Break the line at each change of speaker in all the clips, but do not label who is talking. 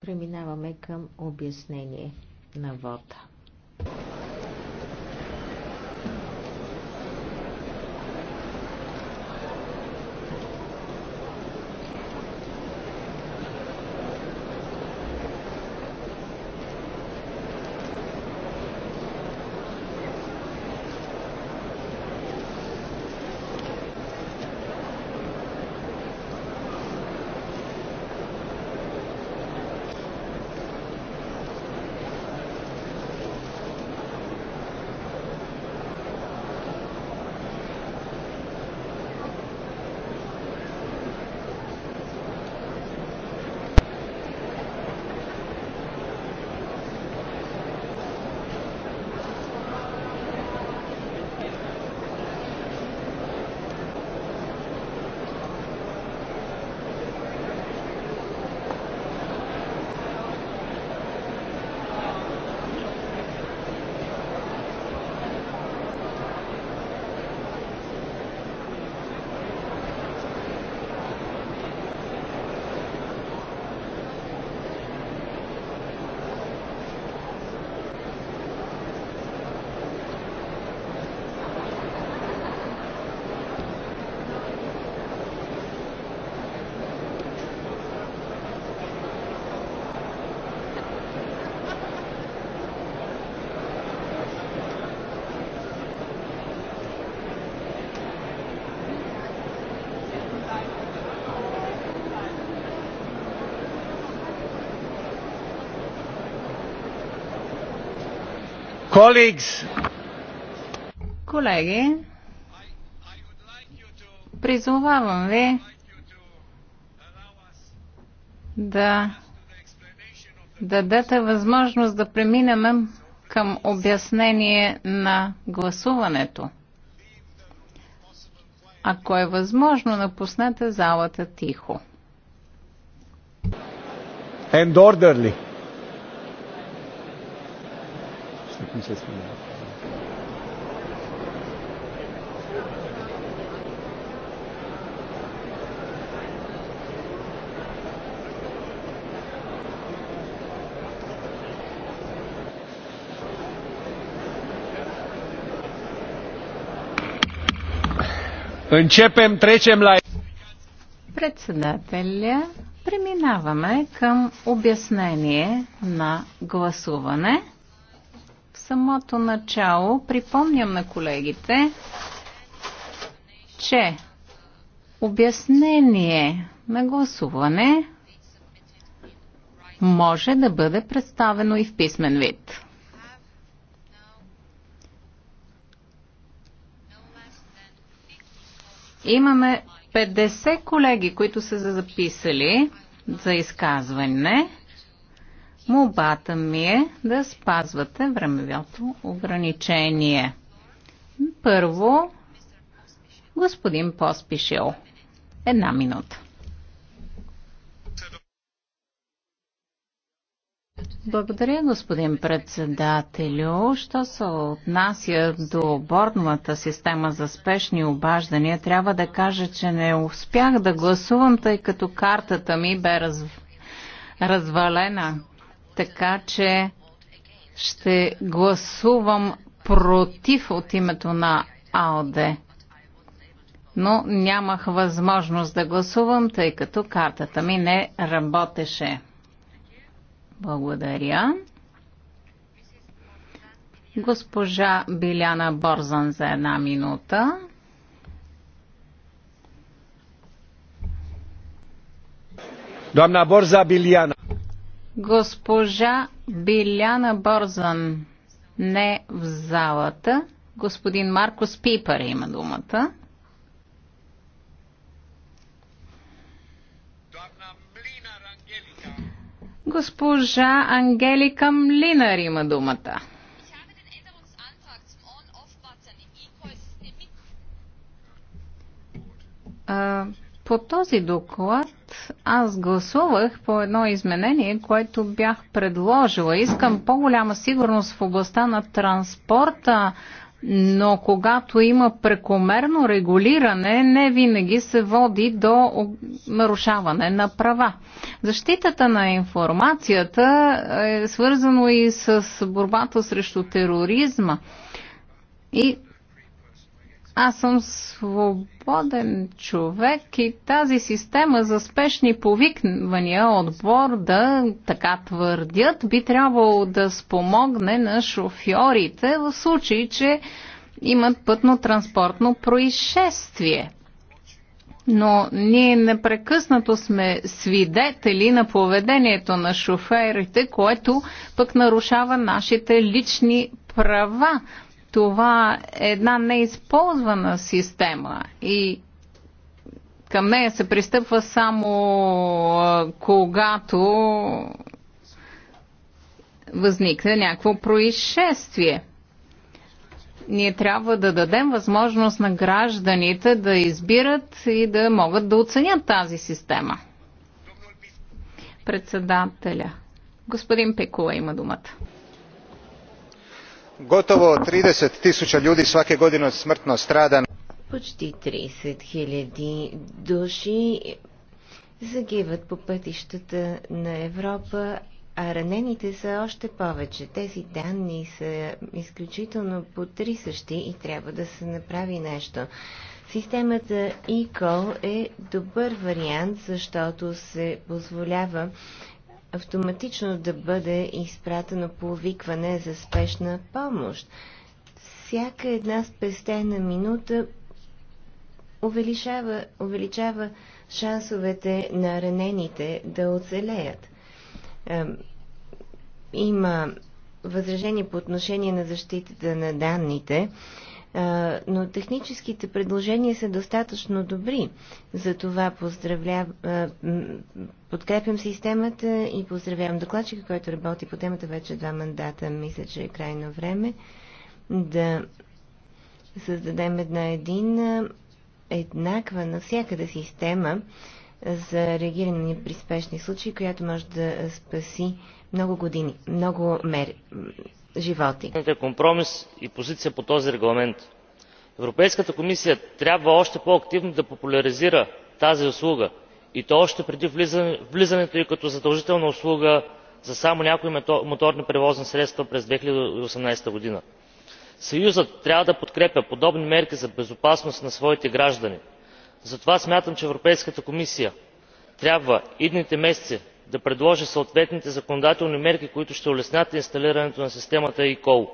Преминаваме към обяснение на вода.
Колеги, призовавам ви да дадете възможност да преминем към обяснение на гласуването. Ако е възможно, напуснете залата тихо.
And orderly.
Începem, trecem la...
Председателя, преминаваме към обяснение на гласуване самото начало припомням на колегите, че обяснение на гласуване може да бъде представено и в писмен вид. Имаме 50 колеги, които са записали за изказване. Молбата ми е да спазвате времевото ограничение. Първо, господин Поспишил. Една минута. Благодаря, господин председателю. Що се отнася до бордната система за спешни обаждания, трябва да кажа, че не успях да гласувам, тъй като картата ми бе раз... развалена така че ще гласувам против от името на АОДЕ. Но нямах възможност да гласувам, тъй като картата ми не работеше. Благодаря. Госпожа Биляна Борзан за една минута.
Doamna Борза Билиана!
Госпожа Биляна Борзан не в залата. Господин Маркус Пипър има думата. Госпожа Ангелика Млинар има думата. По този доклад аз гласувах по едно изменение, което бях предложила. Искам по-голяма сигурност в областта на транспорта, но когато има прекомерно регулиране, не винаги се води до нарушаване на права. Защитата на информацията е свързано и с борбата срещу тероризма. И аз съм свободен човек и тази система за спешни повиквания от борда, така твърдят, би трябвало да спомогне на шофьорите в случай, че имат пътно-транспортно происшествие. Но ние непрекъснато сме свидетели на поведението на шоферите, което пък нарушава нашите лични права. Това е една неизползвана система и към нея се пристъпва само когато възникне някакво происшествие. Ние трябва да дадем възможност на гражданите да избират и да могат да оценят тази система. Председателя. Господин Пекула има думата
gotovo trideset tisua ljudi svake godine smrtno strada
почти 30 000 души загиват по пътищата на Европа, а ранените са още повече. Тези данни са изключително потрисащи и трябва да се направи нещо. Системата ECO е добър вариант, защото се позволява автоматично да бъде изпратено повикване за спешна помощ. Всяка една спестена минута увеличава, увеличава шансовете на ранените да оцелеят. Има възражение по отношение на защитата на данните. Е, но техническите предложения са достатъчно добри. Затова поздравлявам, е, подкрепям системата и поздравявам докладчика, който работи по темата вече два мандата. Мисля, че е крайно време да създадем една единна, еднаква навсякъде система за реагиране при спешни случаи, която може да спаси много години, много мер
животи. компромис и позиция по този регламент. Европейската комисия трябва още по-активно да популяризира тази услуга и то още преди влизането й като задължителна услуга за само някои моторни превозни средства през 2018 г. Съюзът трябва да подкрепя подобни мерки за безопасност на своите граждани. Затова смятам, че Европейската комисия трябва идните месеци да предложи съответните законодателни мерки които ще улеснят инсталирането на системата ecall.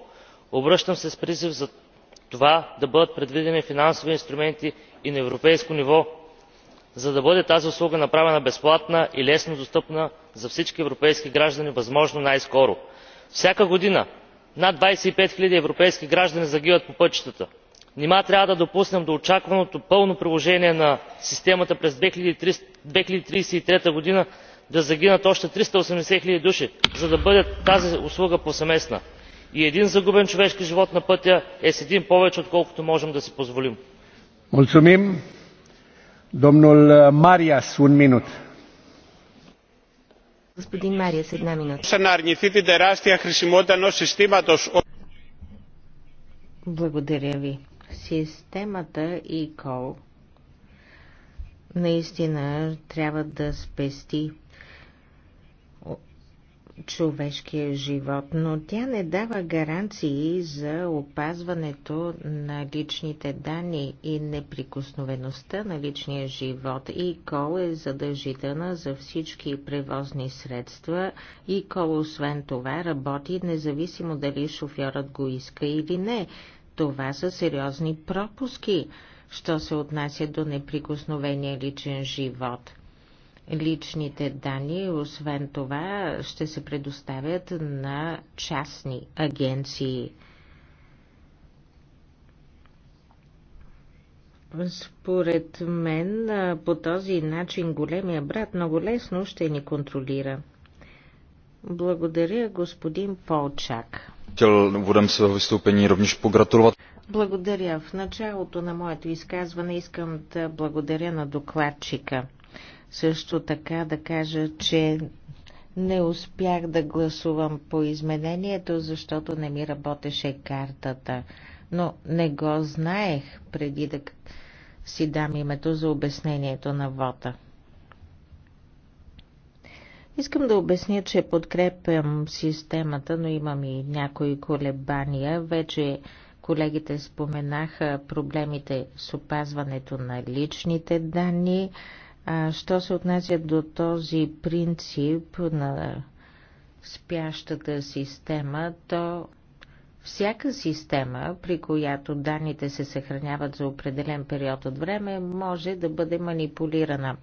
обръщам се с призив за това да бъдат предвидени финансови инструменти и на европейско ниво за да бъде тази услуга направена безплатна и лесно достъпна за всички европейски граждани възможно най скоро. всяка година над двадесет и пет хиляди европейски граждани загиват по пътищата. нима трябва да допуснем до очакваното пълно приложение на системата през две хиляди тридесет и трета г да загинат още триста осемдесет хиляди души за да бъде тази услуга повсеместна и един загубен човешки живот на пътя е с един повече отколкото можем да си позволим.
Благодаря ви. Системата ECOL наистина трябва да спести човешкия живот, но тя не дава гаранции за опазването на личните данни и неприкосновеността на личния живот. И кол е задължителна за всички превозни средства и кол освен това работи независимо дали шофьорът го иска или не. Това са сериозни пропуски, що се отнася до неприкосновения личен живот – Личните данни, освен това, ще се предоставят на частни агенции. Според мен по този начин големия брат много лесно ще ни контролира. Благодаря, господин Полчак.
выступление
Благодаря. В началото на моето изказване искам да благодаря на докладчика също така да кажа, че не успях да гласувам по изменението, защото не ми работеше картата, но не го знаех преди да си дам името за обяснението на вота. Искам да обясня, че подкрепям системата, но имам и някои колебания. Вече колегите споменаха проблемите с опазването на личните данни. А що се отнася до този принцип на спящата система, то всяка система, при която данните се съхраняват за определен период от време, може да бъде манипулирана.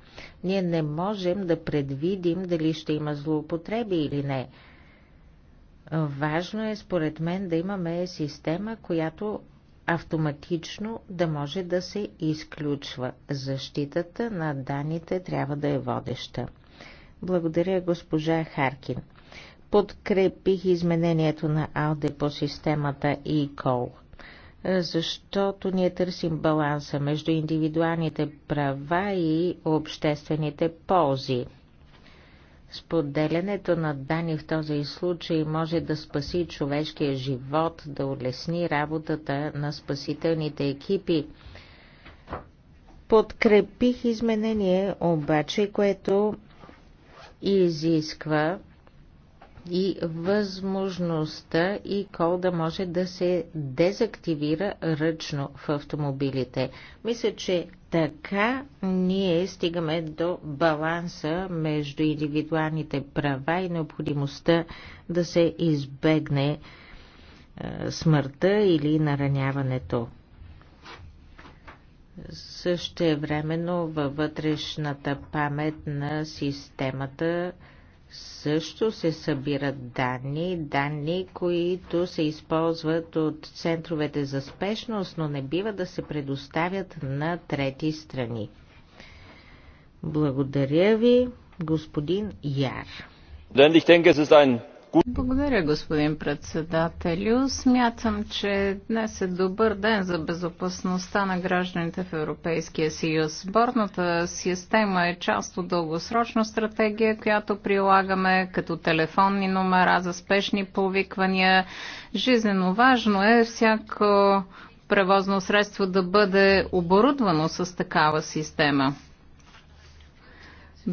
Ние не можем да предвидим дали ще има злоупотреби или не. Важно е, според мен, да имаме система, която автоматично да може да се изключва. Защитата на данните трябва да е водеща. Благодаря, госпожа Харкин. Подкрепих изменението на АЛДЕ по системата ECOL, защото ние търсим баланса между индивидуалните права и обществените ползи – Споделянето на данни в този случай може да спаси човешкия живот, да улесни работата на спасителните екипи. Подкрепих изменение обаче, което изисква и възможността и кол да може да се дезактивира ръчно в автомобилите. Мисля, че така ние стигаме до баланса между индивидуалните права и необходимостта да се избегне е, смъртта или нараняването. Също времено във вътрешната памет на системата също се събират данни, данни, които се използват от центровете за спешност, но не бива да се предоставят на трети страни. Благодаря ви, господин Яр.
Благодаря, господин председателю. Смятам, че днес е добър ден за безопасността на гражданите в Европейския съюз. Борната система е част от дългосрочна стратегия, която прилагаме като телефонни номера за спешни повиквания. Жизнено важно е всяко превозно средство да бъде оборудвано с такава система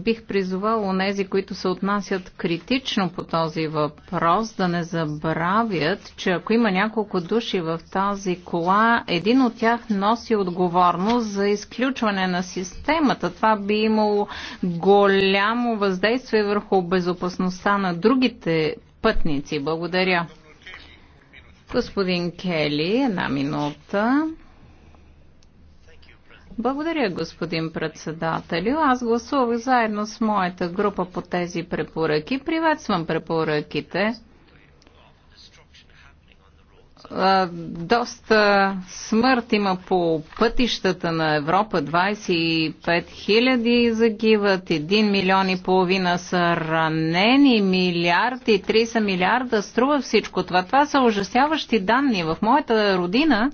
бих призовал онези, които се отнасят критично по този въпрос, да не забравят, че ако има няколко души в тази кола, един от тях носи отговорност за изключване на системата. Това би имало голямо въздействие върху безопасността на другите пътници. Благодаря. Господин Кели, една минута. Благодаря, господин председателю. Аз гласувах заедно с моята група по тези препоръки. Приветствам препоръките. Доста смърт има по пътищата на Европа. 25 000 загиват, 1 милион и половина са ранени, милиарди 300 30 милиарда струва всичко това. Това са ужасяващи данни. В моята родина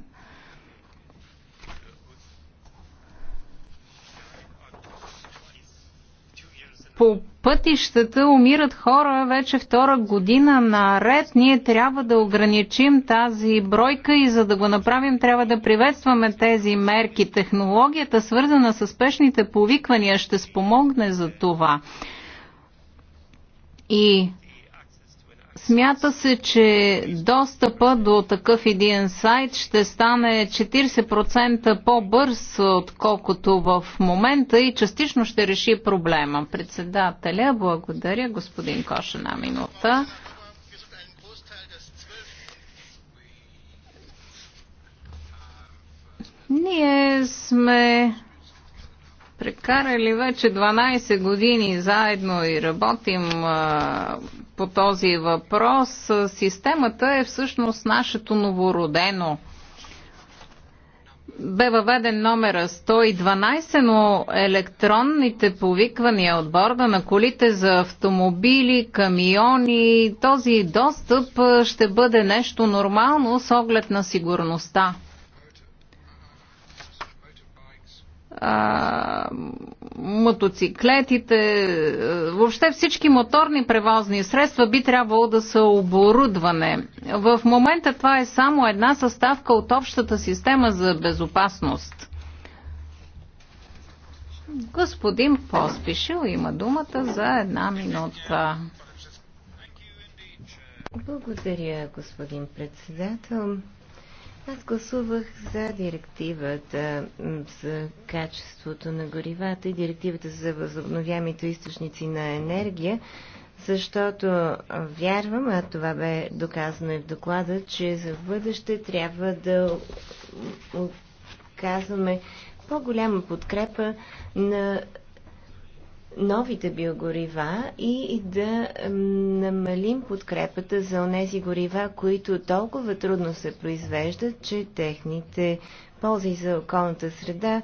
по пътищата умират хора вече втора година наред. Ние трябва да ограничим тази бройка и за да го направим трябва да приветстваме тези мерки. Технологията, свързана с спешните повиквания, ще спомогне за това. И Смята се, че достъпа до такъв един сайт ще стане 40% по-бърз, отколкото в момента и частично ще реши проблема. Председателя, благодаря, господин Коша на минута. Ние сме прекарали вече 12 години заедно и работим а, по този въпрос. Системата е всъщност нашето новородено бе въведен номера 112, но електронните повиквания от борда на колите за автомобили, камиони, този достъп ще бъде нещо нормално с оглед на сигурността. а, мотоциклетите, въобще всички моторни превозни средства би трябвало да са оборудване. В момента това е само една съставка от общата система за безопасност. Господин Поспишил има думата за една
минута. Благодаря, господин председател. Аз гласувах за директивата за качеството на горивата и директивата за възобновяемите източници на енергия, защото вярвам, а това бе доказано и в доклада, че за бъдеще трябва да оказваме по-голяма подкрепа на новите биогорива и да намалим подкрепата за онези горива, които толкова трудно се произвеждат, че техните ползи за околната среда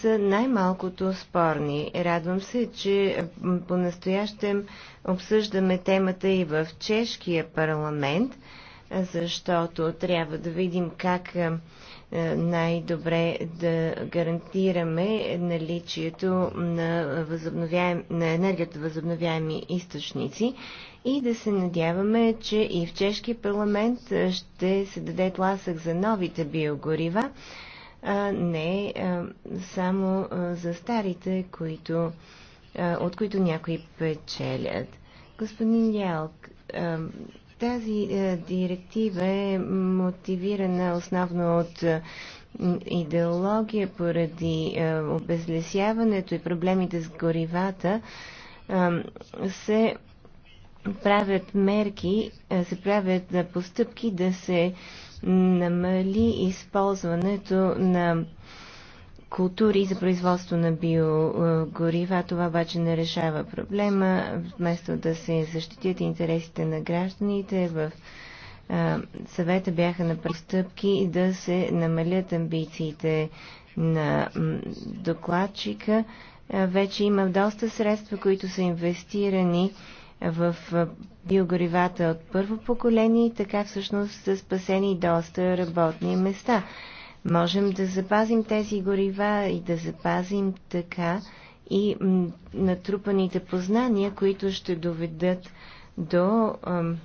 са най-малкото спорни. Радвам се, че по-настоящем обсъждаме темата и в чешкия парламент, защото трябва да видим как е, най-добре да гарантираме наличието на, възобновяем, на енергията възобновяеми източници и да се надяваме, че и в чешки парламент е, ще се даде тласък за новите биогорива, а е, не а, само а, за старите, които, а, от които някои печелят. Господин Ялк, а, тази е, директива е мотивирана основно от е, идеология поради е, обезлесяването и проблемите с горивата. Се правят мерки, се правят постъпки да се намали използването на култури за производство на биогорива. Това обаче не решава проблема. Вместо да се защитят интересите на гражданите, в съвета бяха на престъпки да се намалят амбициите на докладчика. Вече има доста средства, които са инвестирани в биогоривата от първо поколение и така всъщност са спасени доста работни места. Можем да запазим тези горива и да запазим така и натрупаните познания, които ще доведат до ам,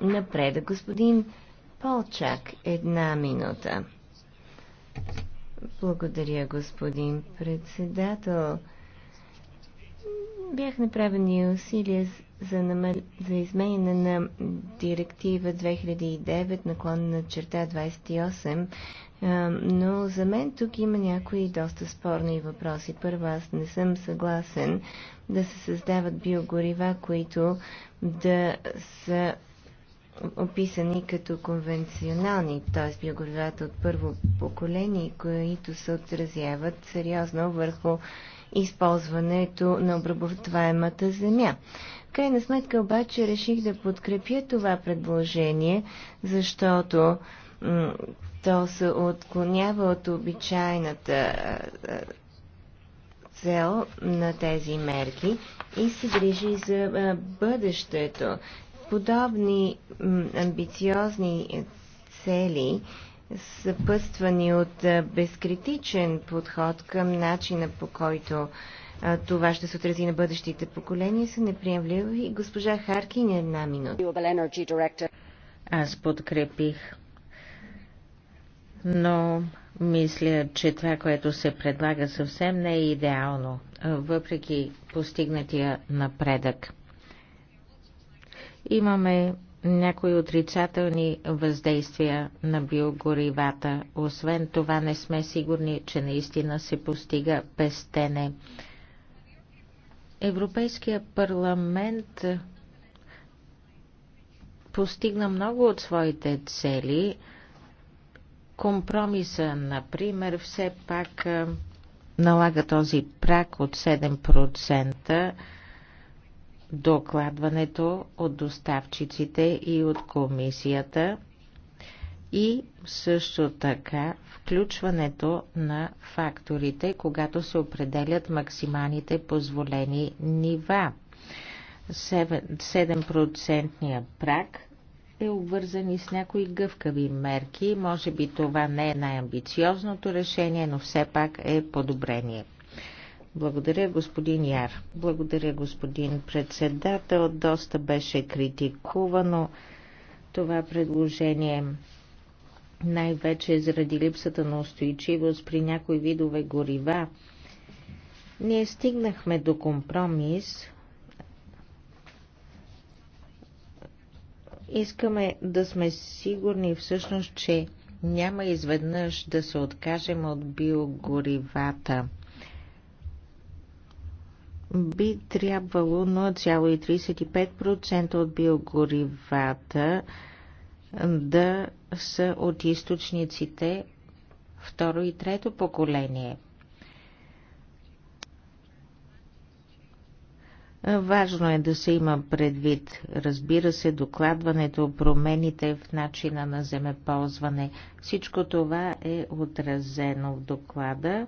напреда. Господин Полчак, една минута. Благодаря, господин председател. Бях направени усилия за, намер... за изменение на директива 2009 наклон на черта 28, но за мен тук има някои доста спорни въпроси. Първо, аз не съм съгласен да се създават биогорива, които да са описани като конвенционални, т.е. биогоривата от първо поколение, които се отразяват сериозно върху използването на обработваемата земя. В крайна сметка обаче реших да подкрепя това предложение, защото то се отклонява от обичайната цел на тези мерки и се грижи за бъдещето. Подобни амбициозни цели, съпътствани от безкритичен подход към начина по който това ще се отрази на бъдещите поколения, са неприемливи. Госпожа Харкин е една минута. Аз подкрепих,
но мисля, че това, което се предлага съвсем не е идеално, въпреки постигнатия напредък. Имаме някои отрицателни въздействия на биогоривата. Освен това не сме сигурни, че наистина се постига пестене. тене Европейския парламент постигна много от своите цели. Компромиса, например, все пак налага този прак от 7% докладването от доставчиците и от комисията – и също така включването на факторите, когато се определят максималните позволени нива. 7% прак е обвързан и с някои гъвкави мерки. Може би това не е най-амбициозното решение, но все пак е подобрение. Благодаря, господин Яр. Благодаря, господин председател. Доста беше критикувано това предложение най-вече заради липсата на устойчивост при някои видове горива. Ние стигнахме до компромис. Искаме да сме сигурни всъщност, че няма изведнъж да се откажем от биогоривата. Би трябвало 0,35% от биогоривата да са от източниците второ и трето поколение. Важно е да се има предвид, разбира се, докладването, промените в начина на земеползване. Всичко това е отразено в доклада,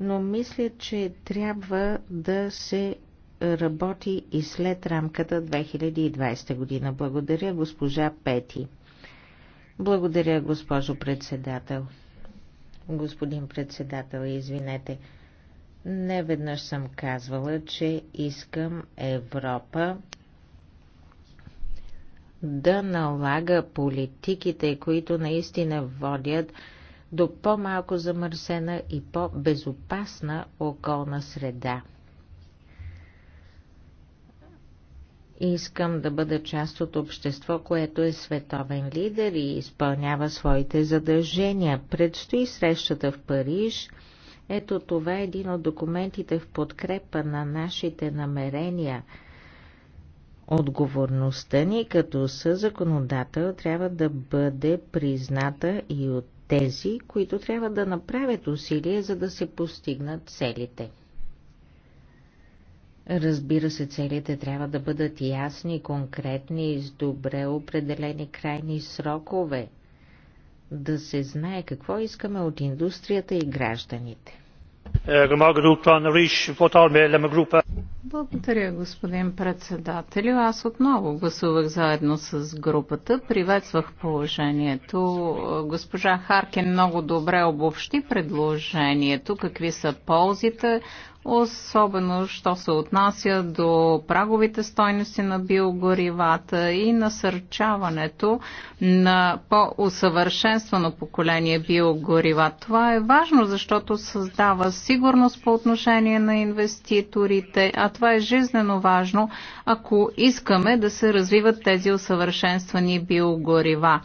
но мисля, че трябва да се работи и след рамката 2020 година. Благодаря, госпожа Пети. Благодаря, госпожо председател. Господин председател, извинете. Не веднъж съм казвала, че искам Европа да налага политиките, които наистина водят до по-малко замърсена и по-безопасна околна среда. Искам да бъда част от общество, което е световен лидер и изпълнява своите задължения. Предстои срещата в Париж. Ето това е един от документите в подкрепа на нашите намерения. Отговорността ни като съзаконодател трябва да бъде призната и от тези, които трябва да направят усилия, за да се постигнат целите. Разбира се, целите трябва да бъдат ясни, конкретни, и с добре определени крайни срокове, да се знае какво искаме от индустрията и гражданите.
Благодаря, господин председател. Аз отново гласувах заедно с групата. Приветствах положението. Госпожа Харкин много добре обобщи предложението, какви са ползите особено що се отнася до праговите стойности на биогоривата и насърчаването на по-усъвършенствано поколение биогорива. Това е важно, защото създава сигурност по отношение на инвеститорите, а това е жизнено важно, ако искаме да се развиват тези усъвършенствани биогорива.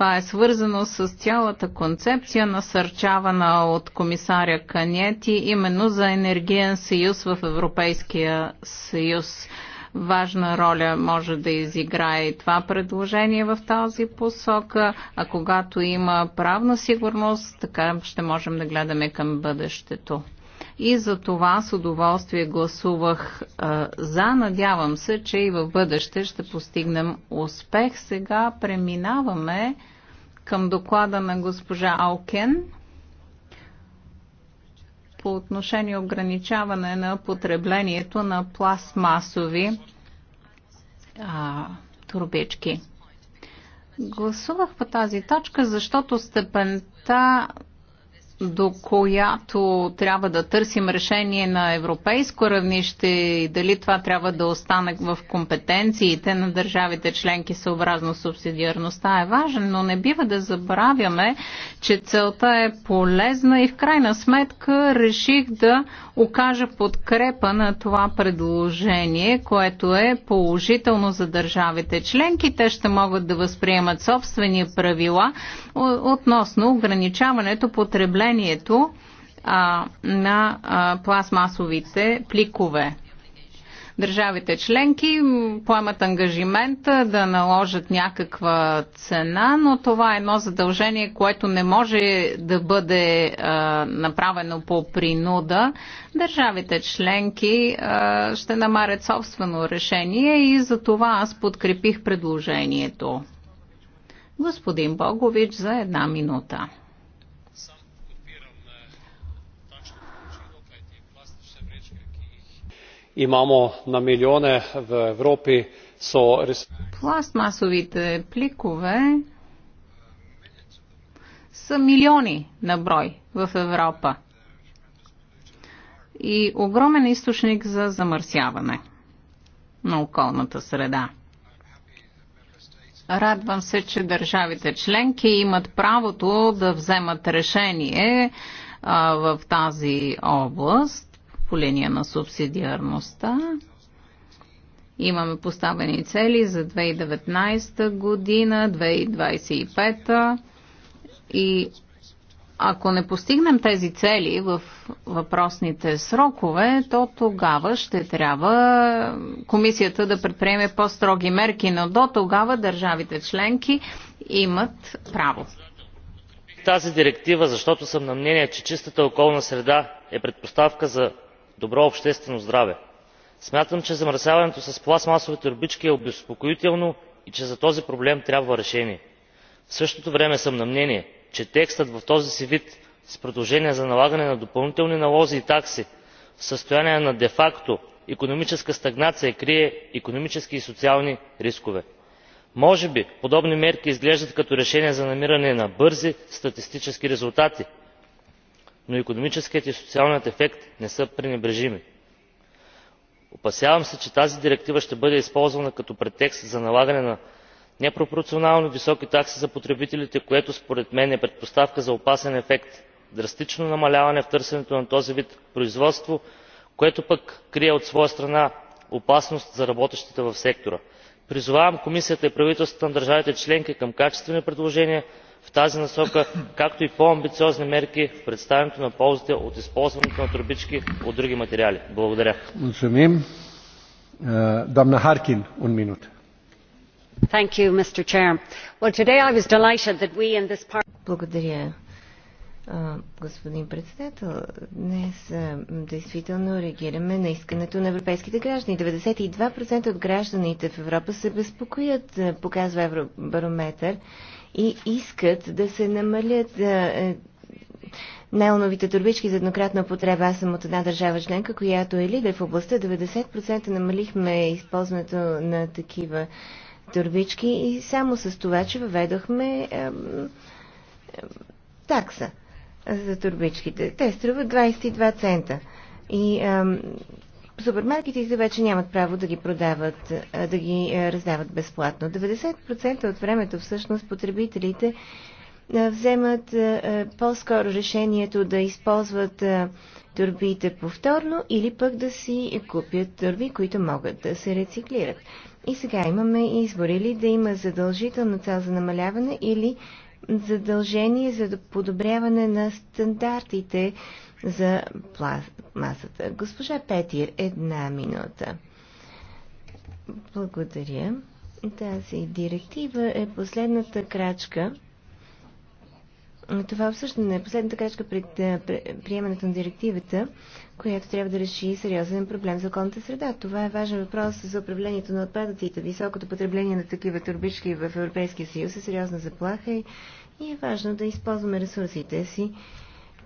Това е свързано с цялата концепция, насърчавана от комисаря Канети, именно за енергиен съюз в Европейския съюз. Важна роля може да изиграе и това предложение в тази посока, а когато има правна сигурност, така ще можем да гледаме към бъдещето и за това с удоволствие гласувах а, за. Надявам се, че и в бъдеще ще постигнем успех. Сега преминаваме към доклада на госпожа Алкен по отношение ограничаване на потреблението на пластмасови а, турбички. Гласувах по тази точка, защото степента до която трябва да търсим решение на европейско равнище и дали това трябва да остане в компетенциите на държавите членки съобразно субсидиарността е важен, но не бива да забравяме, че целта е полезна и в крайна сметка реших да окажа подкрепа на това предложение, което е положително за държавите членки. Те ще могат да възприемат собствени правила относно ограничаването потреблението потреблението а, на а, пластмасовите пликове. Държавите членки поемат ангажимент да наложат някаква цена, но това е едно задължение, което не може да бъде а, направено по принуда. Държавите членки а, ще намарят собствено решение и за това аз подкрепих предложението. Господин Богович за една минута.
imamo на милионе в Европи, so
Пластмасовите пликове са милиони на брой в Европа и огромен източник за замърсяване на околната среда. Радвам се, че държавите членки имат правото да вземат решение а, в тази област по линия на субсидиарността. Имаме поставени цели за 2019 година, 2025 и ако не постигнем тези цели в въпросните срокове, то тогава ще трябва комисията да предприеме по-строги мерки, но до тогава държавите членки имат право.
Тази директива, защото съм на мнение, че чистата околна среда е предпоставка за добро обществено здраве. смятам че замърсяването с пластмасовите торбички е обезпокоително и че за този проблем трябва решение. в същото време съм на мнение че текстът в този си вид с предложение за налагане на допълнителни налози и такси в състояние на де факто икономическа стагнация крие икономически и социални рискове. може би подобни мерки изглеждат като решение за намиране на бързи статистически резултати но икономическият и социалният ефект не са пренебрежими. опасявам се че тази директива ще бъде използвана като претекст за налагане на непропорционално високи такси за потребителите което според мен е предпоставка за опасен ефект драстично намаляване в търсенето на този вид производство което пък крие от своя страна опасност за работещите в сектора. призовавам комисията и правителствата на държавите членки към качествени предложения в тази насока както и по амбициозни мерки в представянето на ползите от използването на турбички от други материали. благодаря. Е,
благодаря, е, господин председател. Днес е, действително реагираме на искането на европейските граждани. 92% от гражданите в Европа се безпокоят, показва Евробарометър и искат да се намалят е, нейлоновите турбички за еднократна употреба. Аз съм от една държава членка, която е лидер в областта. 90% намалихме използването на такива турбички и само с това, че въведохме е, е, такса за турбичките. Те струват 22 цента. И е, супермаркетите вече нямат право да ги продават, да ги раздават безплатно. 90% от времето всъщност потребителите вземат по-скоро решението да използват турбите повторно или пък да си купят турби, които могат да се рециклират. И сега имаме избор или да има задължителна цел за намаляване или задължение за подобряване на стандартите за пластмасата. Госпожа Петир, една минута. Благодаря. Тази директива е последната крачка. Това обсъждане е последната крачка пред приемането на директивата, която трябва да реши сериозен проблем за околната среда. Това е важен въпрос за управлението на отпадъците. Високото потребление на такива турбички в Европейския съюз е сериозна заплаха и е важно да използваме ресурсите си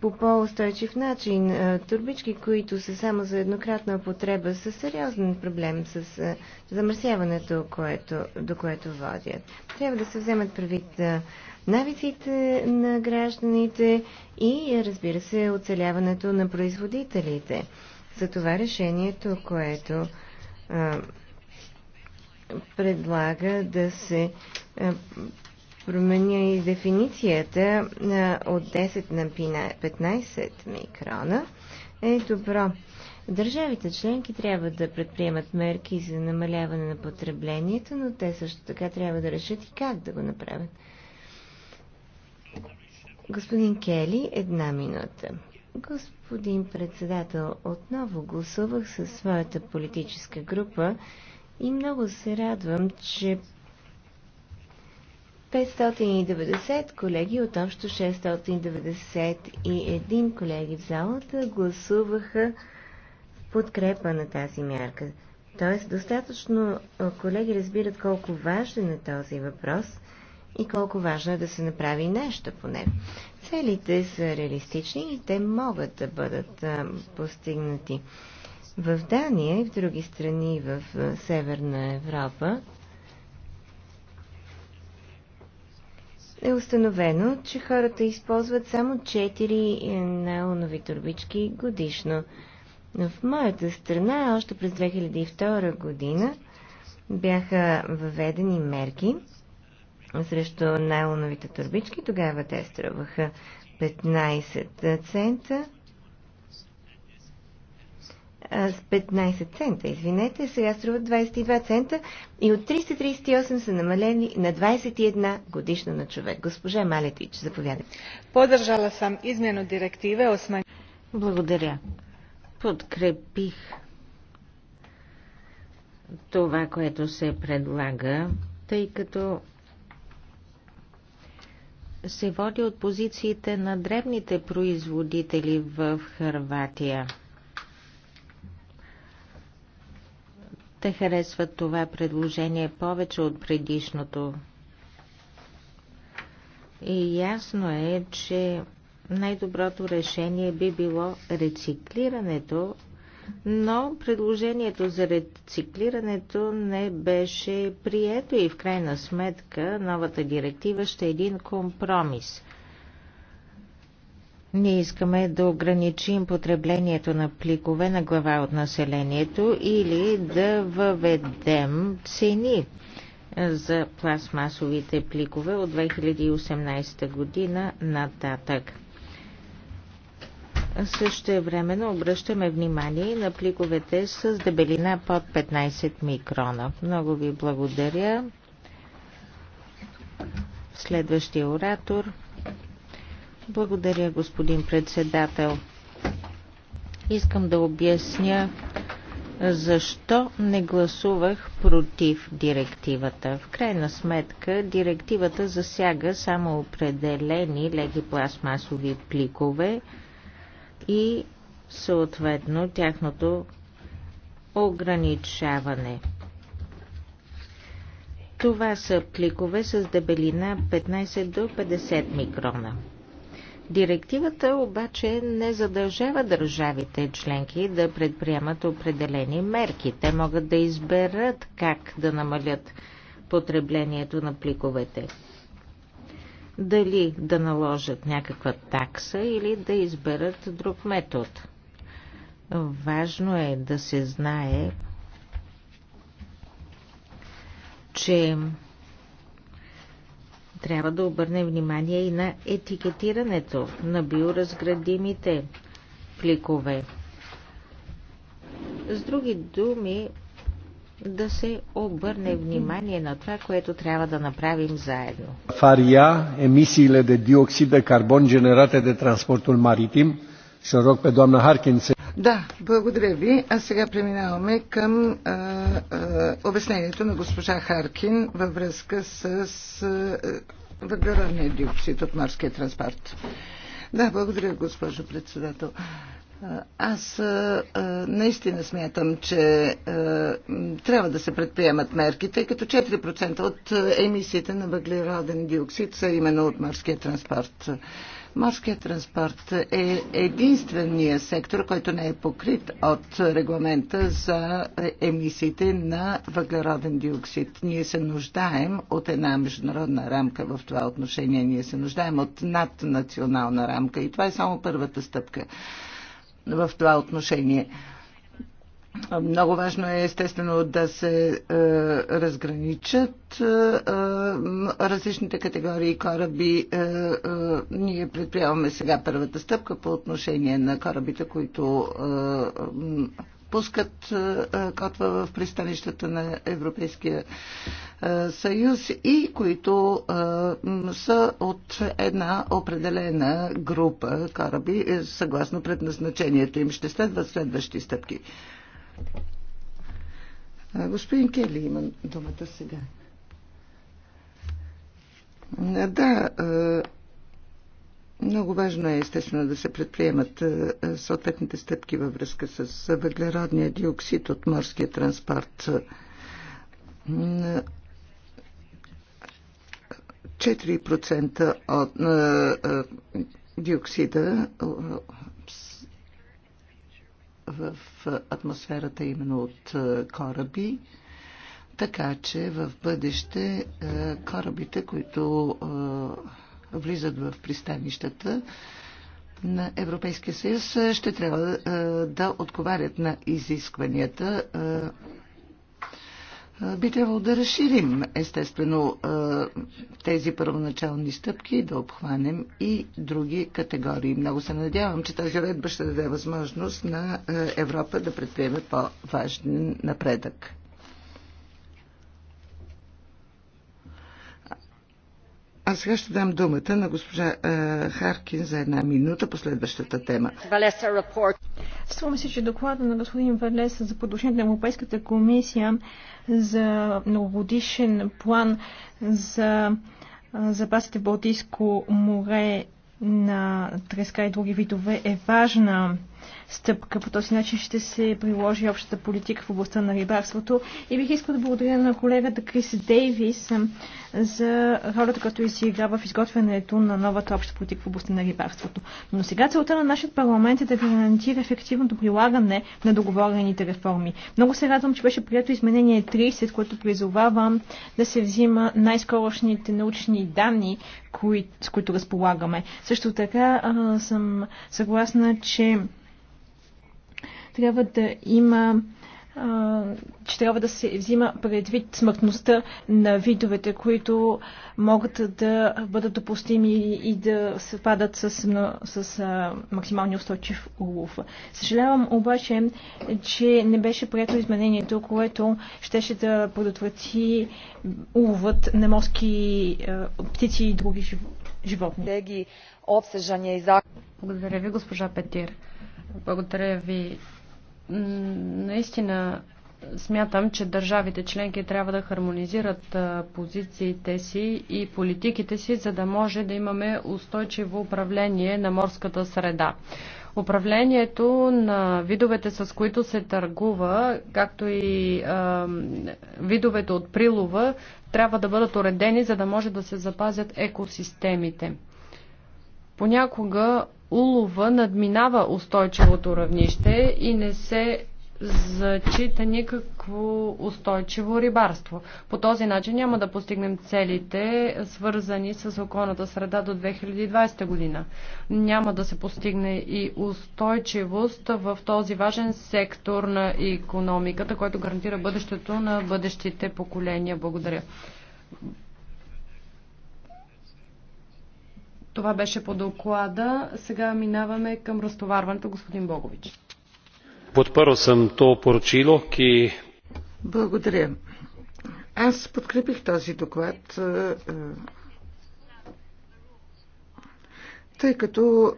по по-устойчив начин. Е, турбички, които са само за еднократна употреба, са сериозен проблем с е, замърсяването, което, до което водят. Трябва да се вземат правит е, навиците на гражданите и, разбира се, оцеляването на производителите. За това решението, което а, предлага да се а, променя и дефиницията от 10 на 15 микрона е добро. Държавите членки трябва да предприемат мерки за намаляване на потреблението, но те също така трябва да решат и как да го направят. Господин Кели, една минута. Господин председател, отново гласувах със своята политическа група и много се радвам, че 590 колеги от общо 691 колеги в залата гласуваха в подкрепа на тази мярка. Тоест, достатъчно колеги разбират колко важен е този въпрос и колко важно е да се направи нещо по него. Целите са реалистични и те могат да бъдат постигнати. В Дания и в други страни в Северна Европа е установено, че хората използват само 4 е, нейлонови турбички годишно. Но в моята страна още през 2002 година бяха въведени мерки срещу найлоновите турбички. Тогава те струваха 15 цента с 15 цента, извинете, сега струват 22 цента и от 338 са намалени на 21 годишно на човек. Госпожа Малетич, заповядайте. Поддържала съм измено директиве о осман... Благодаря.
Подкрепих това, което се предлага, тъй като се води от позициите на дребните производители в Хърватия – те харесват това предложение повече от предишното. И ясно е, че най-доброто решение би било рециклирането, но предложението за рециклирането не беше прието и в крайна сметка новата директива ще е един компромис – ние искаме да ограничим потреблението на пликове на глава от населението или да въведем цени за пластмасовите пликове от 2018 година нататък. Също времено обръщаме внимание на пликовете с дебелина под 15 микрона. Много ви благодаря. Следващия оратор – благодаря, господин председател. Искам да обясня защо не гласувах против директивата. В крайна сметка, директивата засяга само определени леги пластмасови пликове и съответно тяхното ограничаване. Това са пликове с дебелина 15 до 50 микрона. Директивата обаче не задължава държавите членки да предприемат определени мерки. Те могат да изберат как да намалят потреблението на пликовете. Дали да наложат някаква такса или да изберат друг метод. Важно е да се знае, че трябва да обърнем внимание и на етикетирането на биоразградимите пликове. С други думи, да се обърне внимание на това, което трябва да направим заедно.
Фария, емисиите диоксида карбон, de carbon generate de transportul maritim și
да, благодаря ви. А сега преминаваме към а, а, обяснението на госпожа Харкин във връзка с въглеродния диоксид от морския транспорт. Да, благодаря, госпожо председател. Аз наистина смятам, че трябва да се предприемат мерки, тъй като 4% от емисиите на въглероден диоксид са именно от морския транспорт. Морският транспорт е единствения сектор, който не е покрит от регламента за емисиите на въглероден диоксид. Ние се нуждаем от една международна рамка в това отношение. Ние се нуждаем от наднационална рамка и това е само първата стъпка в това отношение. Много важно е естествено да се е, разграничат е, е, различните категории кораби. Е, е, ние предприемаме сега първата стъпка по отношение на корабите, които е, е пускат е, е, котва в пристанищата на Европейския е, съюз и които е, са от една определена група кораби, е, съгласно предназначението им. Ще следват следващи стъпки. Господин Кели има думата сега. Да, много важно е естествено да се предприемат съответните стъпки във връзка с въглеродния диоксид от морския транспорт. 4% от диоксида в атмосферата именно от е, кораби, така че в бъдеще е, корабите, които е, влизат в пристанищата на Европейския съюз, ще трябва да отговарят на изискванията би трябвало да разширим, естествено, тези първоначални стъпки, да обхванем и други категории. Много се надявам, че тази редба ще даде възможност на Европа да предприеме по-важен напредък. А сега ще дам думата на госпожа е, Харкин за една минута по следващата тема.
Струва се, че доклада на господин Валеса за подушението на Европейската комисия за новогодишен план за е, запасите в Балтийско море на треска и други видове е важна стъпка. По този начин ще се приложи общата политика в областта на рибарството. И бих искал да благодаря на колегата Крис Дейвис за ролята, която изигра в изготвянето на новата обща политика в областта на рибарството. Но сега целта на нашия парламент е да гарантира ефективното прилагане на договорените реформи. Много се радвам, че беше прието изменение 30, което призовава да се взима най-скорошните научни данни, кои, с които разполагаме. Също така а, съм съгласна, че трябва да има че трябва да се взима предвид смъртността на видовете, които могат да бъдат допустими и да падат с, с максимални устойчив улов. Съжалявам обаче, че не беше прието изменението, което щеше да предотврати уловът на морски птици и други животни.
Благодаря ви, госпожа Петир. Благодаря ви Наистина смятам, че държавите членки трябва да хармонизират позициите си и политиките си, за да може да имаме устойчиво управление на морската среда. Управлението на видовете, с които се търгува, както и а, видовете от прилова, трябва да бъдат уредени, за да може да се запазят екосистемите. Понякога улова надминава устойчивото равнище и не се зачита никакво устойчиво рибарство. По този начин няма да постигнем целите, свързани с околната среда до 2020 година. Няма да се постигне и устойчивост в този важен сектор на економиката, който гарантира бъдещето на бъдещите поколения. Благодаря. Това беше по доклада. Сега минаваме към разтоварването, господин Богович.
Подпърва съм то поручило, ки...
Благодаря. Аз подкрепих
този доклад, е, е, тъй като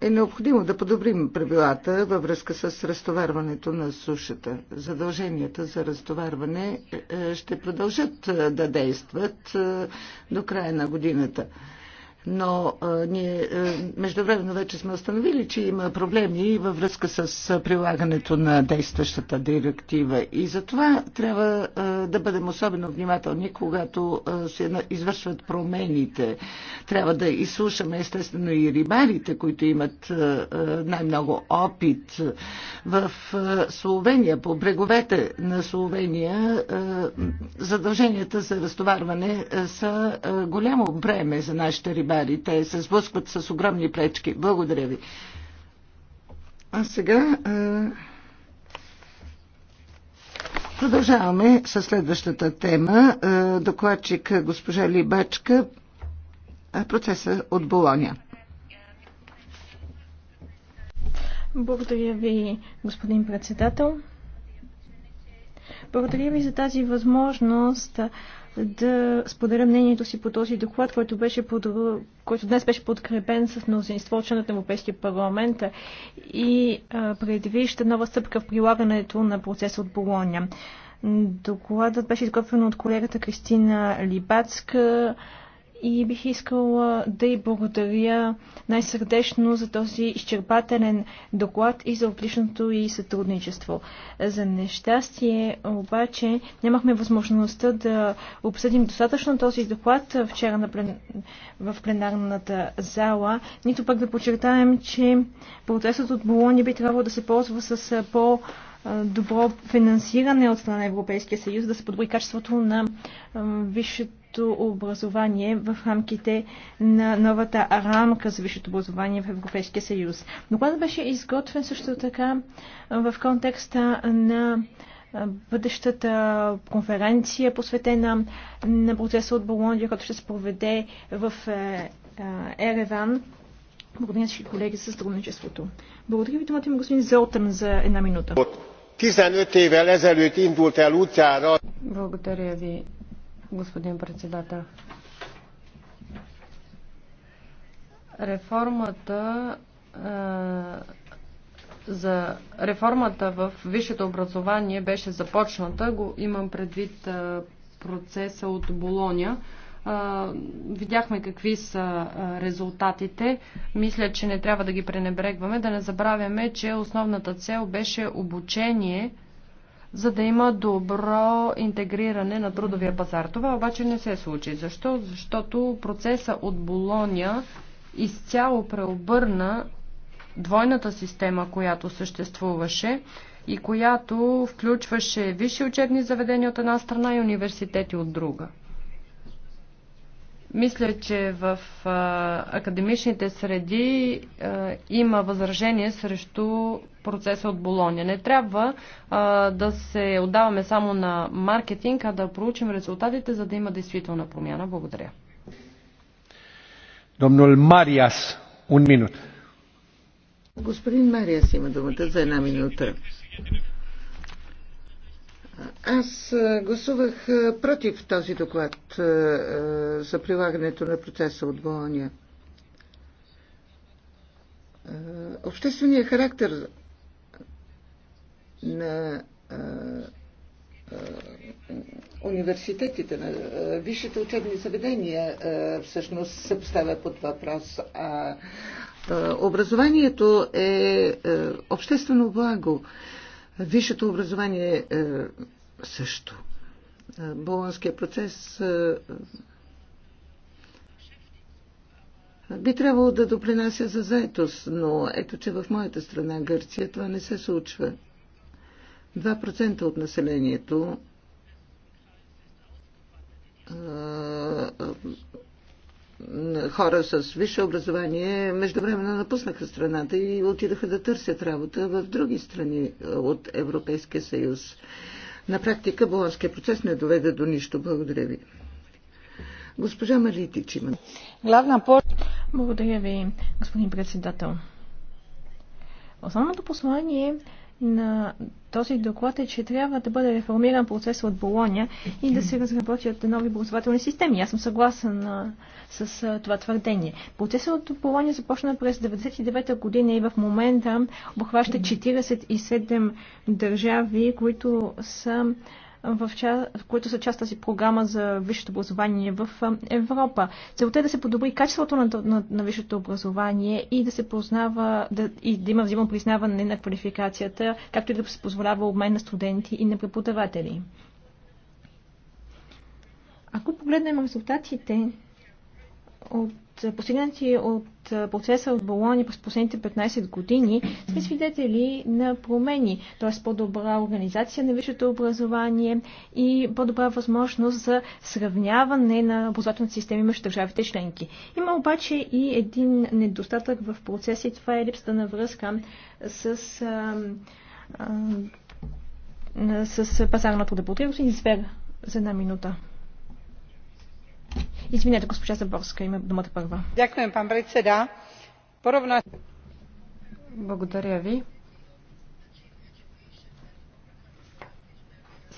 е, е необходимо да подобрим правилата във връзка с разтоварването на сушата. Задълженията за разтоварване ще продължат да действат до края на годината но а, ние а, междувременно вече сме установили, че има проблеми и във връзка с а, прилагането на действащата директива. И затова трябва а, да бъдем особено внимателни, когато а, се извършват промените. Трябва да изслушаме естествено и рибарите, които имат най-много опит. В а, Словения, по бреговете на Словения, а, задълженията за разтоварване са а, голямо бреме за нашите рибари пазари. Те се сблъскват с огромни пречки. Благодаря ви. А сега продължаваме с следващата тема. Докладчик госпожа Либачка, процеса от
Болония. Благодаря ви, господин председател. Благодаря ви за тази възможност да споделя мнението си по този доклад, който, беше под... който днес беше подкрепен с мнозинство членът на Европейския парламент и предвижда нова стъпка в прилагането на процеса от Болония. Докладът беше изготвен от колегата Кристина Либацка, и бих искала да й благодаря най-сърдечно за този изчерпателен доклад и за отличното и сътрудничество. За нещастие обаче нямахме възможността да обсъдим достатъчно този доклад вчера на плен... в пленарната зала, нито пък да подчертаем, че процесът от Болония би трябвало да се ползва с по- добро финансиране от страна на Европейския съюз, да се подобри качеството на висшето висшето образование в рамките на новата рамка за висшето образование в Европейския съюз. Докладът беше изготвен също така в контекста на бъдещата конференция, посветена на процеса от Болондия, който ще се проведе в е, е, Ереван. Благодаря всички колеги за сътрудничеството. Благодаря ви, думата ми господин Золтан, за една минута.
Благодаря ви господин председател. Реформата за реформата в висшето образование беше започната. Го имам предвид процеса от Болоня. Видяхме какви са резултатите. Мисля, че не трябва да ги пренебрегваме, да не забравяме, че основната цел беше обучение за да има добро интегриране на трудовия пазар. Това обаче не се случи. Защо? Защото процеса от Болония изцяло преобърна двойната система, която съществуваше и която включваше висши учебни заведения от една страна и университети от друга. Мисля, че в а, академичните среди а, има възражение срещу процеса от Болония. Не трябва а, да се отдаваме само на маркетинг, а да проучим резултатите, за да има действителна промяна. Благодаря. Домнул Мариас, минут.
Господин Мариас има думата за една минута. Аз гласувах против този доклад за прилагането на процеса от Болония. Общественият характер на университетите, на висшите учебни заведения всъщност се поставя под въпрос. А образованието е обществено благо Висшето образование е, е, също. Е, болонския процес би трябвало да допринася за заетост, но ето, че в моята страна, Гърция, това не се случва. 2% от населението хора с висше образование междувременно напуснаха страната и отидаха да търсят работа в други страни от Европейския съюз. На практика болонския процес не доведе до нищо. Благодаря ви. Госпожа Малитич има.
Главна по... Благодаря ви, господин председател. Основното послание на този доклад е, че трябва да бъде реформиран процес от Болония и да се разработят нови образователни системи. Аз съм съгласен а, с а, това твърдение. Процесът от Болония започна през 1999 година и в момента обхваща 47 държави, които са в ча... които са част тази програма за висшето образование в Европа. Целта е да се подобри качеството на, на, на висшето образование и да се познава да, и да има взаимно признаване на квалификацията, както и да се позволява обмен на студенти и на преподаватели. Ако погледнем резултатите от е, постигнати от е, процеса от Болони през последните 15 години, сме свидетели на промени, т.е. по-добра организация на висшето образование и по-добра възможност за сравняване на образователната система между държавите членки. Има обаче и един недостатък в процеса и това е липсата на връзка с а, а, с пазарната на труда. и господин Звер, за една минута. Извинете, госпожа Заборска, има думата първа.
Дякуем, пан председа.
Поровна... Благодаря ви.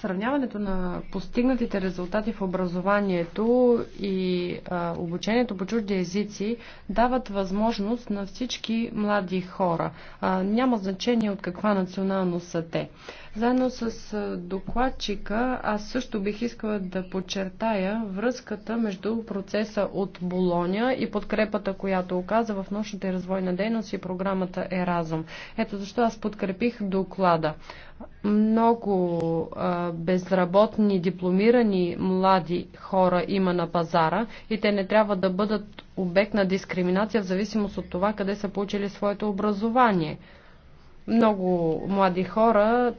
Сравняването на постигнатите резултати в образованието и а, обучението по чужди езици дават възможност на всички млади хора. А, няма значение от каква националност са те. Заедно с докладчика аз също бих искала да подчертая връзката между процеса от Болоня и подкрепата, която оказа в нощната и развойна дейност и програмата Еразум. Ето защо аз подкрепих доклада много а, безработни, дипломирани млади хора има на пазара и те не трябва да бъдат обект на дискриминация в зависимост от това къде са получили своето образование. Много млади хора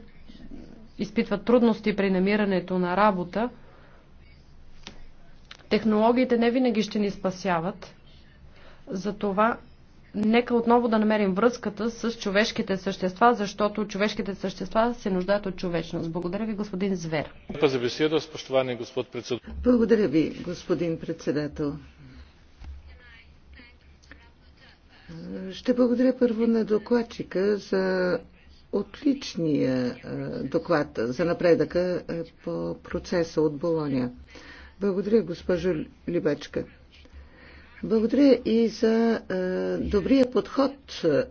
изпитват трудности при намирането на работа. Технологиите не винаги ще ни спасяват. Затова нека отново да намерим връзката с човешките същества, защото човешките същества се нуждаят от човечност. Благодаря ви, господин Звер. Благодаря ви, господин председател.
Ще благодаря първо на докладчика за отличния доклад за напредъка по процеса от Болония. Благодаря, госпожо Либачка. Благодаря и за е, добрия подход е,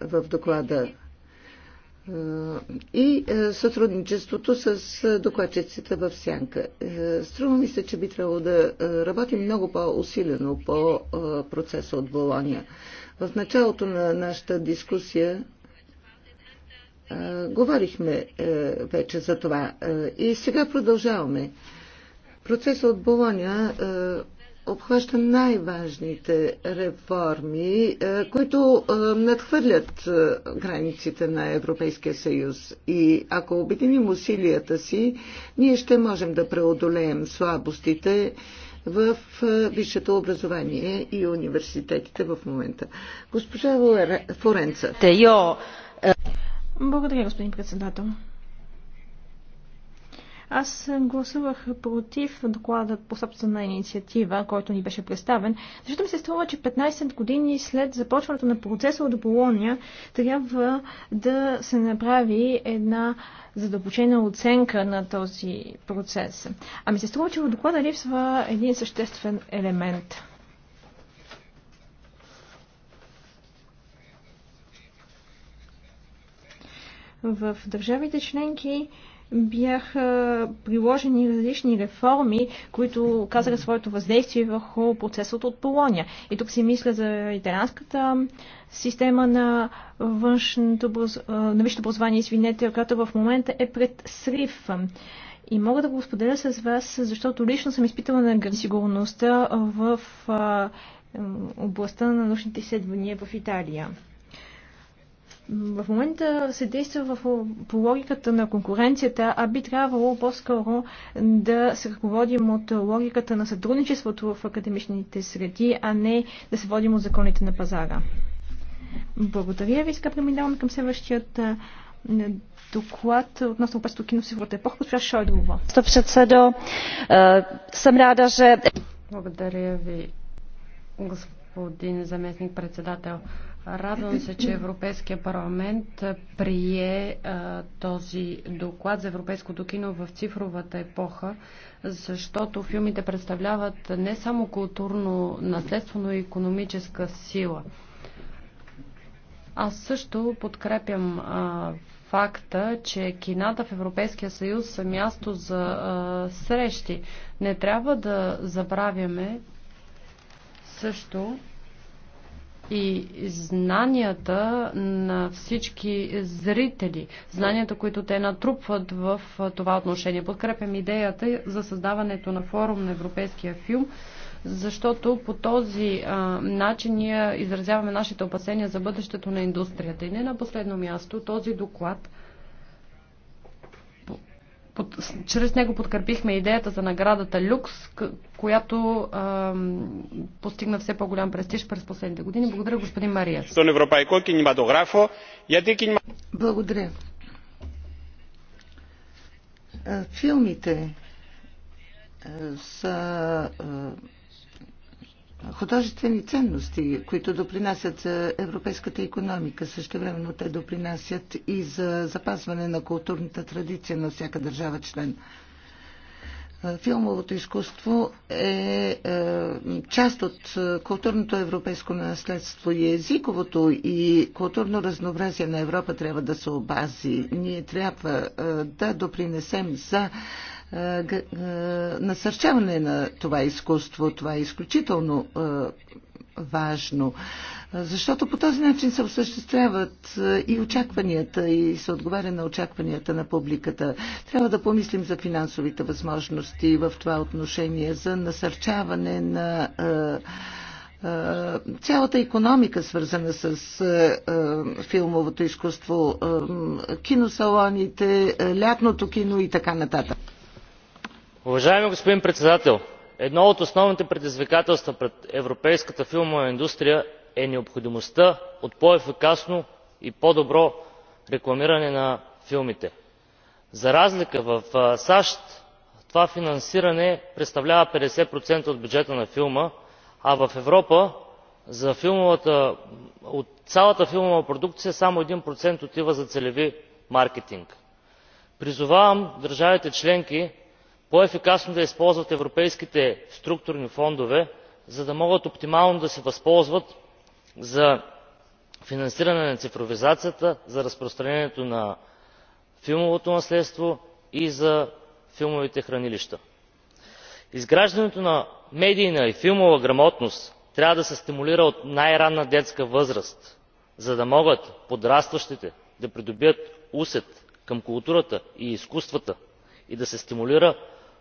в доклада е, и сътрудничеството с докладчиците в Сянка. Струва ми се, че би трябвало да работим много по-усилено по процеса от Болония. В началото на нашата дискусия говорихме вече за това и сега продължаваме. Процесът от Болония обхваща най-важните реформи, е, които е, надхвърлят е, границите на Европейския съюз. И ако обединим усилията си, ние ще можем да преодолеем слабостите в висшето образование и университетите в
момента. Госпожа Форенца. Благодаря, господин председател. Аз гласувах против доклада по собствена инициатива, който ни беше представен, защото ми се струва, че 15 години след започването на процеса от Болония трябва да се направи една задълбочена оценка на този процес. А ми се струва, че в доклада липсва един съществен елемент. В държавите членки бяха приложени различни реформи, които казаха своето въздействие върху процесът от Полония. И тук си мисля за италянската система на външното на висшето образование, извинете, която в момента е пред срив. И мога да го споделя с вас, защото лично съм изпитала на сигурността в областта на научните изследвания в Италия в момента се действа в, по логиката на конкуренцията, а би трябвало по-скоро да се ръководим от логиката на сътрудничеството в академичните среди, а не да се водим от законите на пазара. Благодаря ви. Сега преминаваме към следващият
доклад относно опасното кино в сигурната епоха. Госпожа Шойдрова. съм рада, че... Благодаря ви, господин заместник председател. Радвам се, че Европейския парламент прие а, този доклад за европейското кино в цифровата епоха, защото филмите представляват не само културно наследство, но и економическа сила. Аз също подкрепям а, факта, че кината в Европейския съюз са място за а, срещи. Не трябва да забравяме също и знанията на всички зрители, знанията, които те натрупват в това отношение. Подкрепям идеята за създаването на форум на европейския филм, защото по този а, начин ние изразяваме нашите опасения за бъдещето на индустрията. И не на последно място, този доклад – под, чрез него подкрепихме идеята за наградата Люкс, която а, постигна все по-голям престиж през последните години. Благодаря, господин Мария. Благодаря.
Е, филмите е, са е, художествени ценности, които допринасят за европейската економика. Също времено те допринасят и за запазване на културната традиция на всяка държава член. Е, филмовото изкуство е, е, част от културното европейско наследство и езиковото и културно разнообразие на Европа трябва да се обази. Ние трябва е, да допринесем за е, е, насърчаване на това изкуство. Това е изключително е, важно, защото по този начин се осъществяват и очакванията, и се отговаря на очакванията на публиката. Трябва да помислим за финансовите възможности в това отношение, за насърчаване на цялата економика, свързана с филмовото изкуство, киносалоните, лятното кино и така нататък
уважаеми господин председател едно от основните предизвикателства пред европейската филмова индустрия е необходимостта от по ефикасно и по добро рекламиране на филмите. за разлика в сащ това финансиране представлява петдесет от бюджета на филма а в европа от цялата филмова продукция само един процент отива за целеви маркетинг. призовавам държавите членки по ефикасно да използват европейските структурни фондове за да могат оптимално да се възползват за финансиране на цифровизацията за разпространението на филмовото наследство и за филмовите хранилища. изграждането на медийна и филмова грамотност трябва да се стимулира от най ранна детска възраст за да могат подрастващите да придобият усет към културата и изкуствата и да се стимулира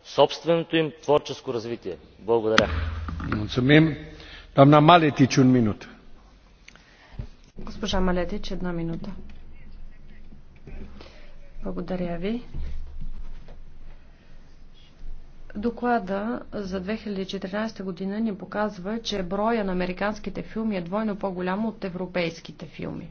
собственото им творческо развитие. благодаря.
Малетич, Госпожа Малетич, една минута. Благодаря ви. Доклада за 2014 година ни показва, че броя на американските филми е двойно по-голям от европейските филми.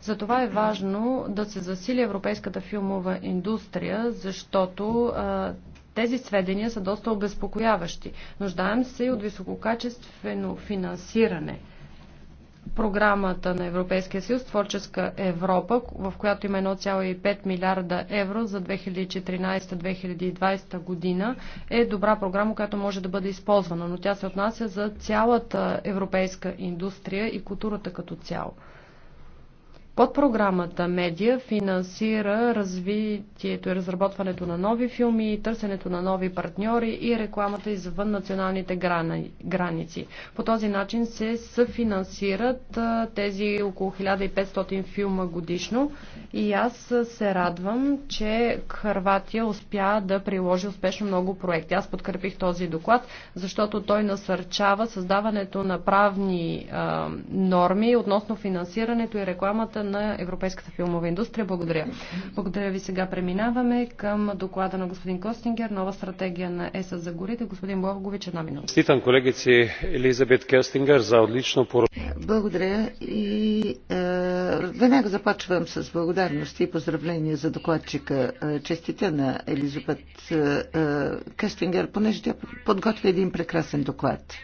Затова е важно да се засили европейската филмова индустрия, защото а, тези сведения са доста обезпокояващи. Нуждаем се и от висококачествено финансиране програмата на Европейския съюз Творческа Европа, в която има 1,5 милиарда евро за 2014 2020 година, е добра програма, която може да бъде използвана, но тя се отнася за цялата европейска индустрия и културата като цяло. Подпрограмата Медиа финансира развитието и разработването на нови филми, търсенето на нови партньори и рекламата извън националните граници. По този начин се съфинансират тези около 1500 филма годишно и аз се радвам, че Харватия успя да приложи успешно много проекти. Аз подкрепих този доклад, защото той насърчава създаването на правни норми относно финансирането и рекламата на европейската филмова индустрия. Благодаря. Благодаря ви. Сега преминаваме към доклада на господин Костингер, нова стратегия на ЕСА за горите. Господин Благогович, една минута.
Ститам колегици Елизабет Кестингер за отлично поръчение.
Благодаря
и е, веднага започвам с благодарности и поздравления за докладчика. Е, Честите на Елизабет е, е Кестингер, понеже тя подготвя един прекрасен доклад.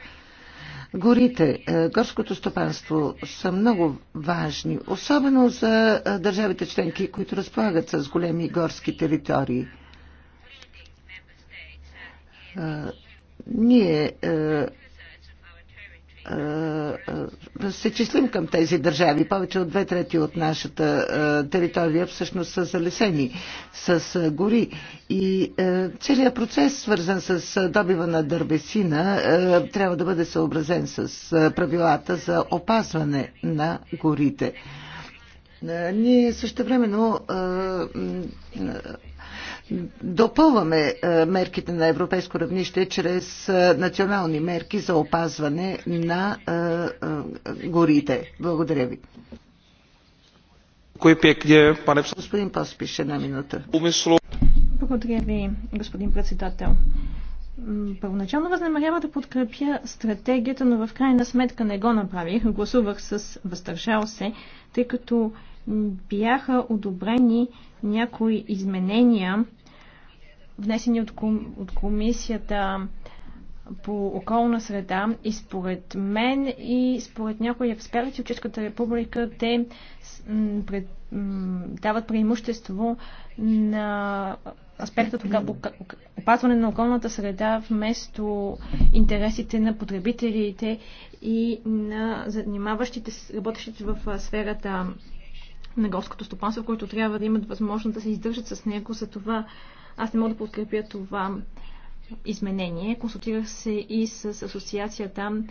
Горите, е, горското стопанство са много важни, особено за е, държавите членки, които разполагат с големи горски територии. Е, ние се числим към тези държави. Повече от две трети от нашата територия всъщност са залесени с гори. И целият процес, свързан с добива на дървесина, трябва да бъде съобразен с правилата за опазване на горите. Ние също времено допълваме е, мерките на европейско равнище чрез е, национални мерки за опазване на е, горите. Благодаря ви. Кой пекне, пане... Господин Поспиш, една минута.
Благодаря ви, господин председател. Първоначално възнамерява да подкрепя стратегията, но в крайна сметка не го направих. Гласувах с въздържал се, тъй като бяха одобрени някои изменения внесени от, ком, от комисията по околна среда и според мен и според някои експерти от Чешката република те пред, дават преимущество на аспектът опазване на околната среда вместо интересите на потребителите и на занимаващите, работещите в сферата на горското стопанство, които трябва да имат възможност да се издържат с него. За това аз не мога да подкрепя това изменение. Консултирах се и с асоциацията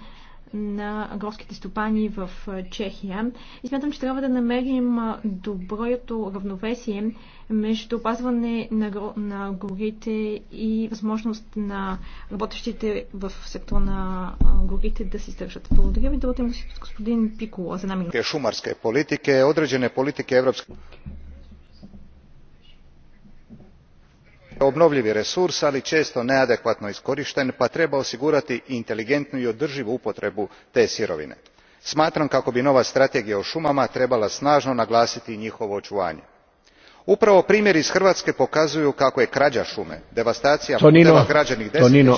на горските стопани в Чехия. И смятам, че трябва да намерим доброто равновесие между опазване на, на горите и възможност на работещите в сектора на горите да се издържат. Благодаря ви, да господин Пикола за една
минута. Шумарска политика, отреđene политика европска. obnovljivi resurs ali često neadekvatno iskorišten pa treba osigurati inteligentnu i održivu upotrebu te sirovine. smatram kako bi nova strategija o šumama trebala snažno naglasiti njihovo očuvanje. upravo primjeri iz hrvatske pokazuju kako je krađa šume devastacija puteva građenih desetljećima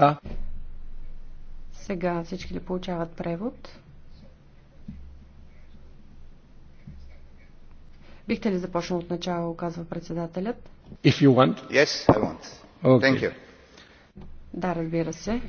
Да. Сега всички ли получават превод? Бихте ли започнал от начало, казва председателят?
If you want. Yes, I want. Okay. Thank you.
Да, разбира се.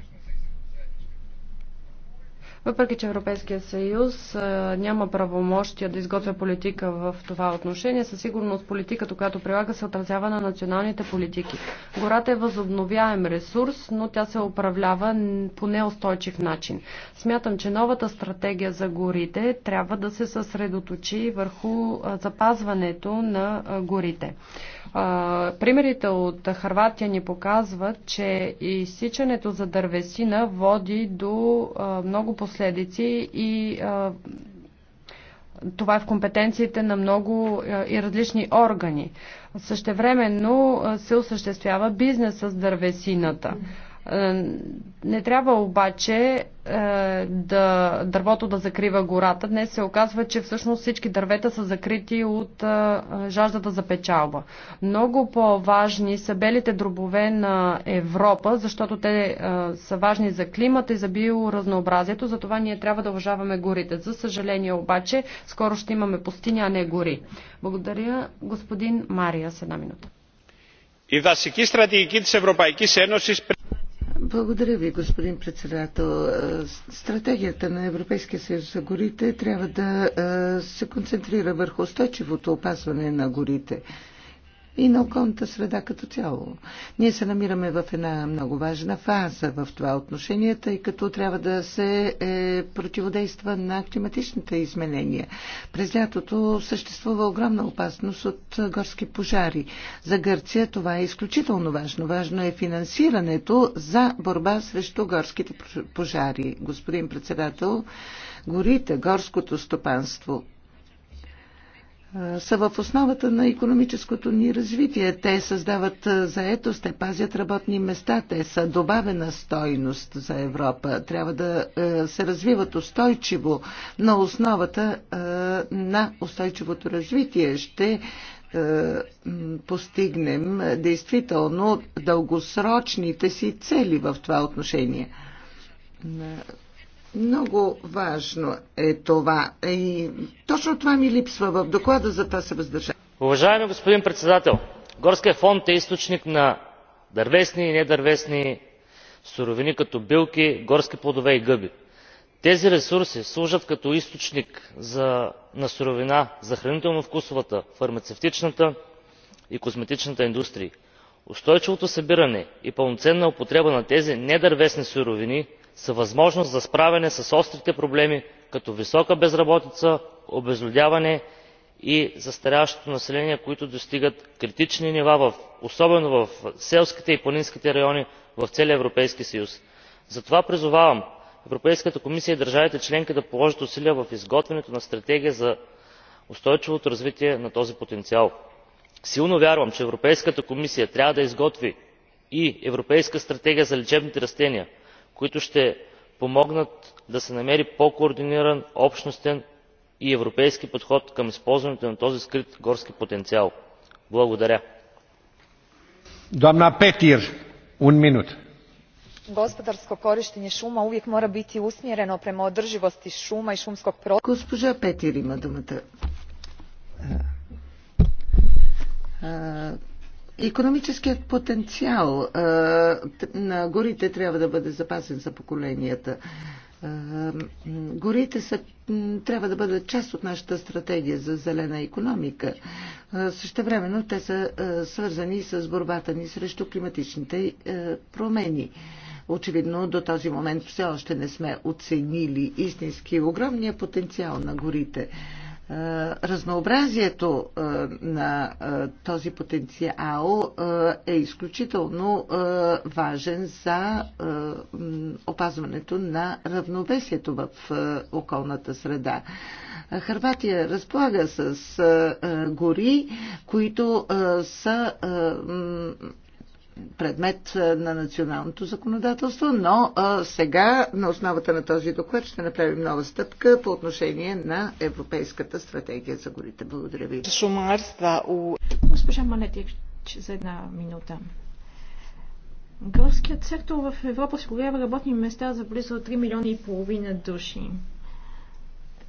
Въпреки, че Европейския съюз няма правомощия да изготвя политика в това отношение, със сигурност политиката, която прилага, се отразява на националните политики. Гората е възобновяем ресурс, но тя се управлява по неустойчив начин. Смятам, че новата стратегия за горите трябва да се съсредоточи върху запазването на горите. Примерите от Харватия ни показват, че изсичането за дървесина води до много посочени последици и а, това е в компетенциите на много и различни органи. Същевременно се осъществява бизнес с дървесината. Е, не трябва обаче е, да, дървото да закрива гората. Днес се оказва, че всъщност всички дървета са закрити от е, жаждата за печалба. Много по-важни са белите дробове на Европа, защото те са важни за климата и за биоразнообразието. Затова ние трябва да уважаваме горите. За съжаление обаче, скоро ще имаме пустиня, а не гори. Благодаря господин Мария с една минута. Η δασική στρατηγική της Ευρωπαϊκής Ένωσης благодаря ви, господин председател.
Е, стратегията на Европейския съюз за горите трябва да е, се концентрира върху устойчивото опазване на горите и на околната среда като цяло. Ние се намираме в една много важна фаза в това отношение, тъй като трябва да се е, противодейства на климатичните изменения. През лятото съществува огромна опасност от горски пожари. За Гърция това е изключително важно. Важно е финансирането за борба срещу горските пожари. Господин председател, горите, горското стопанство, са в основата на економическото ни развитие. Те създават заетост, те пазят работни места, те са добавена стойност за Европа. Трябва да е, се развиват устойчиво на основата е, на устойчивото развитие. Ще е, постигнем действително дългосрочните си цели в това отношение. Много важно е това. И точно това ми липсва в доклада, за това се въздържа.
Уважаеми господин председател, горския фонд е източник на дървесни и недървесни суровини, като билки, горски плодове и гъби. Тези ресурси служат като източник за, на суровина за хранително-вкусовата, фармацевтичната и козметичната индустрии. Устойчивото събиране и пълноценна употреба на тези недървесни суровини – са възможност за справяне с острите проблеми като висока безработица обезлюдяване и застаряващото население които достигат критични нива особено в селските и планинските райони в целия европейски съюз. затова призовавам европейската комисия и държавите членки да положат усилия в изготвянето на стратегия за устойчивото развитие на този потенциал. силно вярвам че европейската комисия трябва да изготви и европейска стратегия за лечебните растения които ще помогнат да се намери по координиран общностен и европейски подход към използването на този скрит горски потенциал. благодаря.
Петир, gospodarsko korištenje šuma uvijek mora
biti usmjereno prema održivosti šuma i šumskog prostora. Економическият потенциал а, на горите трябва да бъде запасен за поколенията. А, горите са, трябва да бъдат част от нашата стратегия за зелена економика. времено те са а, свързани с борбата ни срещу климатичните а, промени. Очевидно до този момент все още не сме оценили истински огромния потенциал на горите. А, е, разнообразието е, на е, този потенциал е изключително важен за опазването на равновесието в околната среда. Харватия разполага с гори, които са предмет на националното законодателство, но сега на основата на този доклад ще направим нова стъпка по отношение на Европейската стратегия за горите. Благодаря ви.
Госпожа Манетик, за една минута. Горският сектор в Европа осигурява работни места за близо 3 милиона и половина души.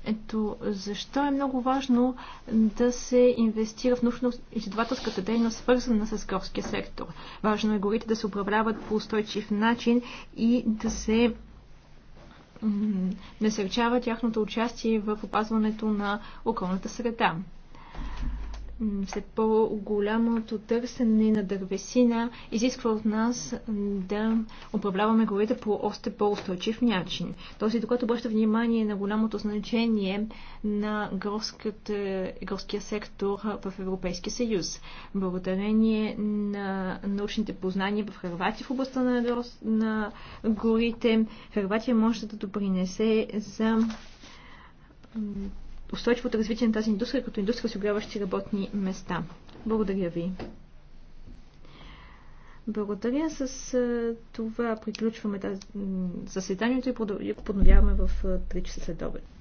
Ето защо е много важно да се инвестира в научно-изследователската дейност, свързана с горския сектор. Важно е горите да се управляват по устойчив начин и да се насърчава тяхното участие в опазването на околната среда все по-голямото търсене на дървесина изисква от нас да управляваме горите по още по-устойчив начин. Този доклад обръща внимание на голямото значение на горския сектор в Европейския съюз. Благодарение на научните познания в Хрватия в областта на, на горите, Хрватия може да допринесе за устойчивото развитие на тази индустрия като индустрия, огряващи работни места. Благодаря ви. Благодаря. С това приключваме заседанието и подновяваме в 3 часа след обед.